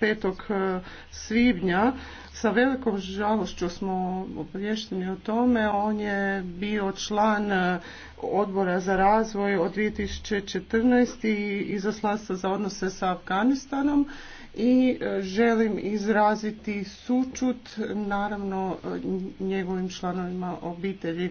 5. E, svibnja. Sa velikom žalošću smo obavješteni o tome. On je bio član e, odbora za razvoj od 2014. i izaslanstva za odnose sa Afganistanom i e, želim izraziti sučut naravno njegovim članovima obitelji.